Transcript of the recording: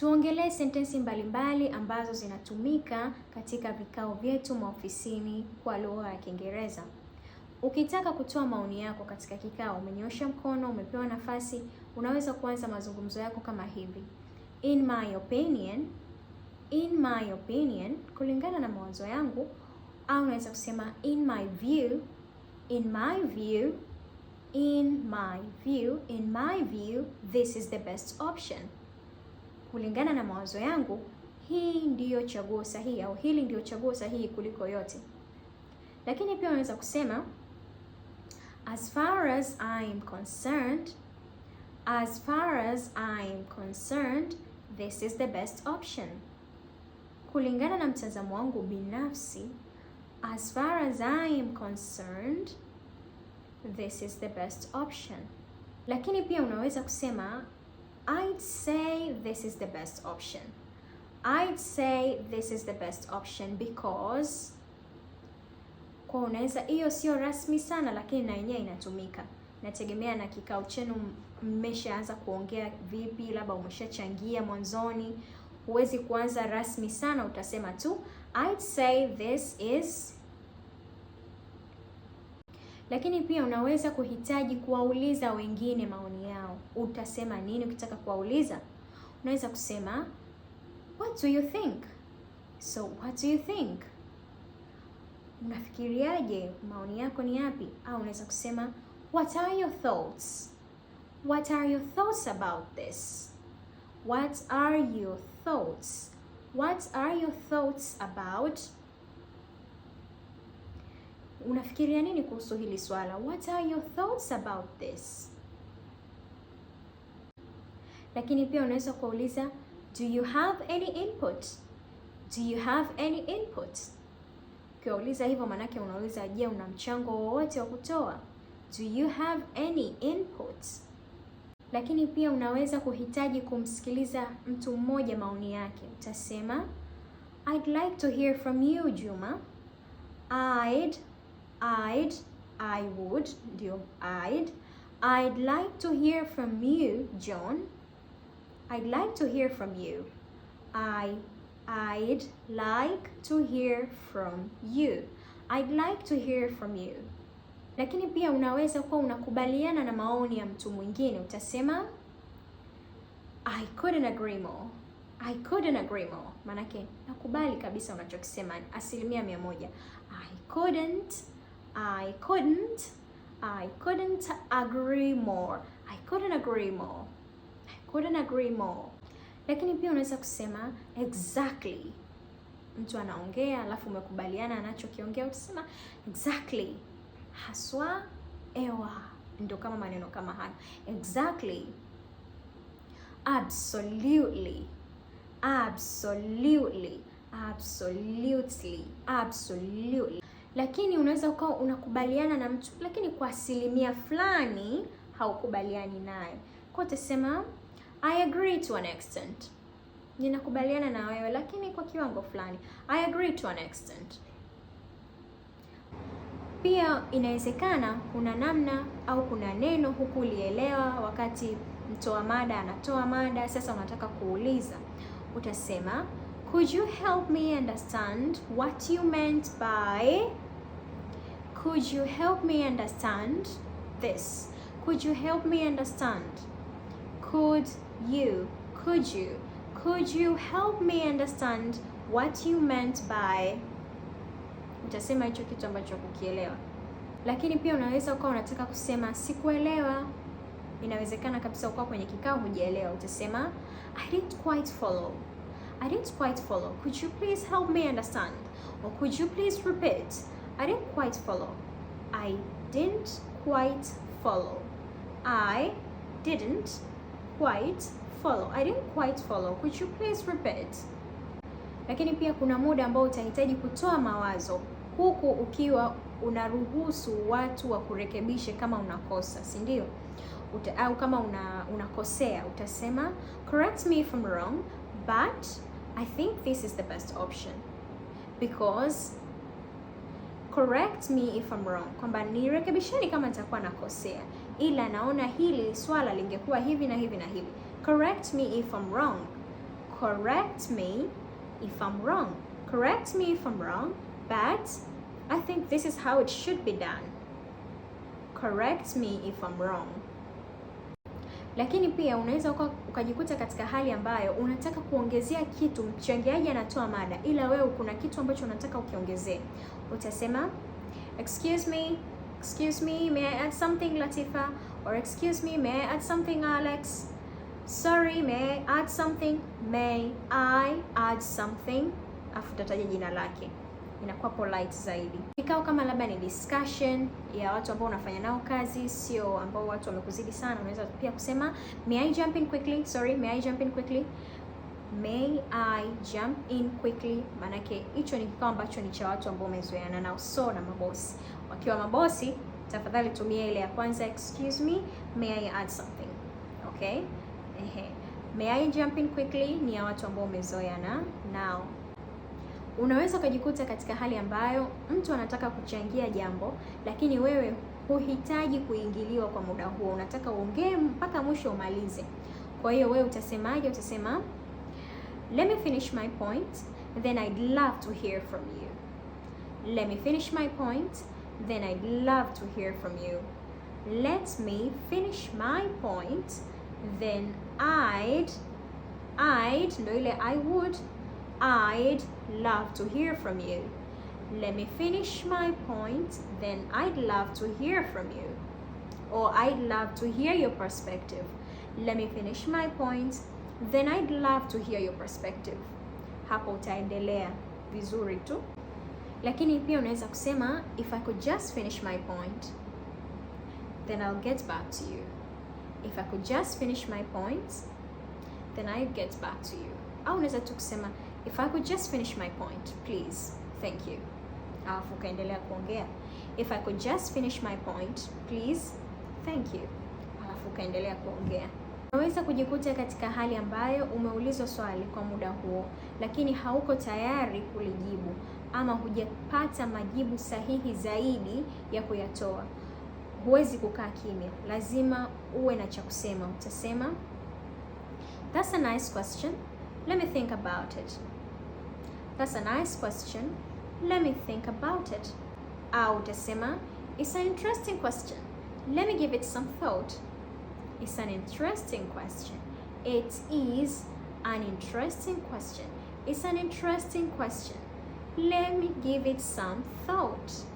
Tuongelee sentensi mbalimbali ambazo zinatumika katika vikao vyetu maofisini kwa lugha ya Kiingereza. Ukitaka kutoa maoni yako katika kikao, umenyosha mkono, umepewa nafasi, unaweza kuanza mazungumzo yako kama hivi: in my opinion, in my opinion, kulingana na mawazo yangu, au unaweza kusema in my view, in my view, in my view, in my view, this is the best option kulingana na mawazo yangu, hii ndiyo chaguo sahihi au hili ndiyo chaguo sahihi kuliko yote. Lakini pia unaweza kusema as far as I'm concerned, as far as I'm concerned this is the best option. Kulingana na mtazamo wangu binafsi, as far as I'm concerned this is the best option. Lakini pia unaweza kusema I'd say say this is the best option. I'd say this is the best option because kwa unaweza hiyo sio rasmi sana, lakini na yenyewe inatumika. Nategemea na kikao chenu mmeshaanza kuongea vipi, labda umeshachangia mwanzoni. Huwezi kuanza rasmi sana, utasema tu I'd say this is lakini pia unaweza kuhitaji kuwauliza wengine maoni yao. Utasema nini ukitaka kuwauliza? unaweza kusema what do you think? So what do you think? Unafikiriaje? Maoni yako ni yapi? Au unaweza kusema what are your thoughts? What are your thoughts about this? What are your thoughts? What are your thoughts about? Unafikiria nini kuhusu hili swala? What are your thoughts about this? lakini pia unaweza kuuliza do you have any input? Do you have any input? Ukiwauliza hivyo maanake unauliza je, una mchango wowote wa kutoa? Do you have any input? Lakini pia unaweza kuhitaji kumsikiliza mtu mmoja maoni yake. Utasema I'd like to hear from you Juma. I'd, I'd, I would, ndio I'd. I'd like to hear from you John. I'd like to hear from you. I I'd like to hear from you. I'd like to hear from you. Lakini pia unaweza kuwa unakubaliana na maoni ya mtu mwingine, utasema I couldn't agree more. I couldn't agree more. Manake nakubali kabisa unachokisema asilimia mia moja. I couldn't, I couldn't, I couldn't agree more. I couldn't agree more couldn't agree more. Lakini pia unaweza kusema exactly. Mtu anaongea alafu umekubaliana anachokiongea, utasema exactly, haswa, ewa, ndio kama maneno kama hayo exactly, absolutely, absolutely, absolutely, absolutely. Lakini unaweza ukawa unakubaliana na mtu, lakini kwa asilimia fulani haukubaliani naye, kwa utasema I agree to an extent, ninakubaliana na wewe lakini kwa kiwango fulani. I agree to an extent. Pia inawezekana kuna namna au kuna neno hukulielewa wakati mtoa mada anatoa mada, sasa unataka kuuliza, utasema could you help me understand what you meant by could you help me understand this could you help me understand could you, could you, could you help me understand what you meant by, utasema hicho kitu ambacho kukielewa. Lakini pia unaweza ukawa unataka kusema sikuelewa. Inawezekana kabisa ukawa kwenye kikao hujaelewa, utasema I didn't quite follow. I didn't quite follow. Could you please help me understand? Or could you please repeat? I didn't quite follow. I didn't quite follow. I didn't quite follow. I didn't quite follow. Could you please repeat? Lakini pia kuna muda ambao utahitaji kutoa mawazo huku ukiwa unaruhusu watu wa kurekebishe kama unakosa, si ndio? Uta, au kama una, unakosea utasema correct me if I'm wrong but I think this is the best option because correct me if I'm wrong, kwamba nirekebisheni kama nitakuwa nakosea, ila naona hili swala lingekuwa hivi na hivi na hivi. Correct me if I'm wrong, correct me if I'm wrong, correct me if I'm wrong, but I think this is how it should be done. Correct me if I'm wrong. Lakini pia unaweza ukajikuta katika hali ambayo unataka kuongezea kitu, mchangiaji anatoa mada, ila wewe kuna kitu ambacho unataka ukiongezee. Utasema excuse me, excuse me, may I add something Latifa, or excuse me, may I add something Alex, sorry, may I add something, may I add something, afu utataja jina lake inakuwa polite zaidi. Kikao kama labda ni discussion ya watu ambao unafanya nao kazi, sio ambao watu wamekuzidi sana, unaweza pia kusema may I jump in quickly, sorry, may I jump in quickly, may I jump in quickly. Maanake hicho ni kikao ambacho ni cha watu ambao umezoeana nao, so na mabosi. Wakiwa mabosi, tafadhali tumia ile ya kwanza, excuse me, may I add something, okay. Ehe, may I jump in quickly ni ya watu ambao umezoeana nao. Unaweza ukajikuta katika hali ambayo mtu anataka kuchangia jambo, lakini wewe huhitaji kuingiliwa kwa muda huo, unataka uongee mpaka mwisho umalize. Kwa hiyo wewe utasemaje? Utasema let me finish my point then I'd love to hear from you. Let me finish my point then I'd love to hear from you. Let me finish my point then I'd I'd, ndo ile I would I'd love to hear from you. Let me finish my point, then I'd love to hear from you. Or I'd love to hear your perspective. Let me finish my point, then I'd love to hear your perspective. Hapo utaendelea vizuri tu, lakini pia unaweza kusema if I could just finish my point then I'll get back to you. If I could just finish my point then I'll get back to you. Au unaweza tu kusema If I could just finish my point, please. Thank you. Alafu ukaendelea kuongea. If I could just finish my point, please. Thank you. Alafu ukaendelea kuongea. Unaweza kujikuta katika hali ambayo umeulizwa swali kwa muda huo, lakini hauko tayari kulijibu ama hujapata majibu sahihi zaidi ya kuyatoa. Huwezi kukaa kimya, lazima uwe na cha kusema. Utasema, That's a nice question. Let me think about it. That's a nice question. Let me think about it. Au utasema it's an interesting question. Let me give it some thought. It's an interesting question. It is an interesting question. It's an interesting question. Let me give it some thought.